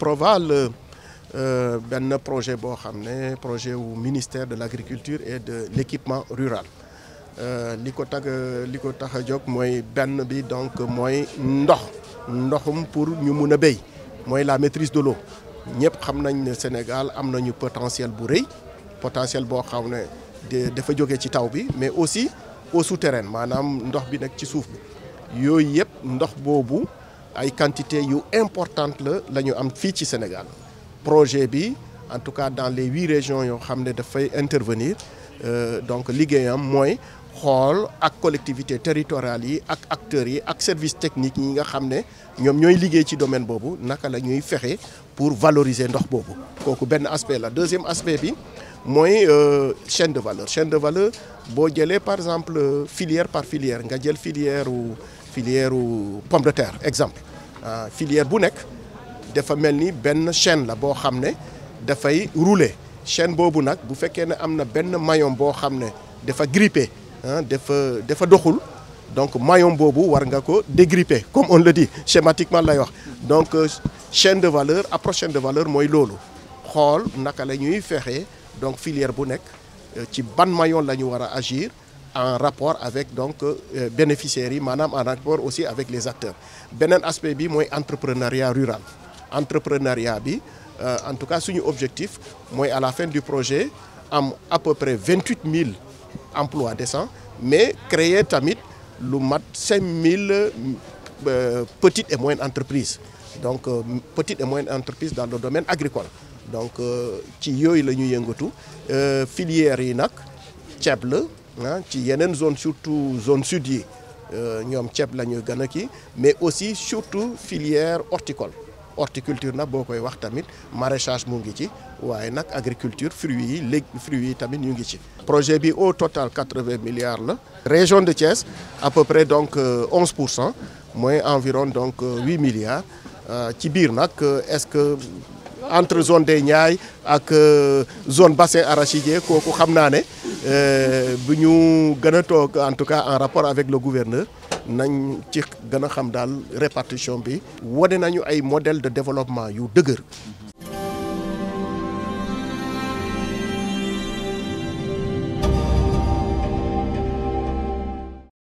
Proval euh, euh, benn projet boo xam projet wu ministère de l'agriculture et de l'équipement rural euh, li ko tag li tax a jóg benn bi donc mooy ndox ndoxum pour ñu mun a béy la maîtrise de l'eau ñëpp xam nañ Sénégal am nañu potentiel bu potentiel boo xam de dafa jóge ci taw bi mais aussi au souterrain. maanaam ndox bi nekk ci suuf bi yooyu yëpp ndox boobu ay quantité yu importante la lañu am fii ci Sénégal projet bi en tout cas dans les huit régions yoo xam ne dafay intervenir euh, donc liggéeyam mooy xool ak collectivité territoriales yi ak acteurs yi ak services techniques yi nga xam ne ñoom ñooy liggéey ci domaine boobu naka la ñuy fexe pour valoriser ndox boobu kooku benn aspect la deuxième aspect bi mooy euh, chaîne de valeur chaîne de valeur boo jëlee par exemple filière par filière nga jël filière ou filière ou pomme de terre exemple euh, filière bu nekk dafa melni ben chaîne la bo xamné da fay rouler chaîne bobu nak bu fekkee ne am na benn maillon boo xam ne dafa grippé hein, dafa dafa doxul donc maillon bobu war nga ko dégripper comme on le dit schématiquement lay wax donc euh, chaîne de valeur approche chaîne de valeur moy lolu. xool naka lañuy fexé donc filière bu nek euh, ci ban maillon la agir en rapport avec donc euh, bénéficiaires mais en rapport aussi avec les acteurs Benen aspect bi l'entrepreneuriat entrepreneuriat rural entrepreneuriat bi euh, en tout cas suñu objectif à la fin du projet à peu près 28 000 emplois décents mais créer tamit lu mat petites et moyennes entreprises donc petites et moyennes entreprises dans le domaine agricole donc euh, ci yoy est, le euh filière yi nag ceeb la ah, ci yenen zone surtout zone sud yi euh, mais aussi surtout filière horticole horticulture nak bokoy wax tamit maraîchage mu ngi ci waye nak agriculture fruits yi fruits yi tamit ñu ngi projet bi au total 80 milliards la. région de Thiès à peu près donc moins euh, moins environ donc 8 milliards ci est-ce que entre zone des Niayes et euh, zone bassin arachidier kooku xam naa euh, buñu gëna tok en tout cas en rapport avec le gouverneur nañ ci gëna xam daal répartition bi wane nañu ay modèle de développement yu dëgër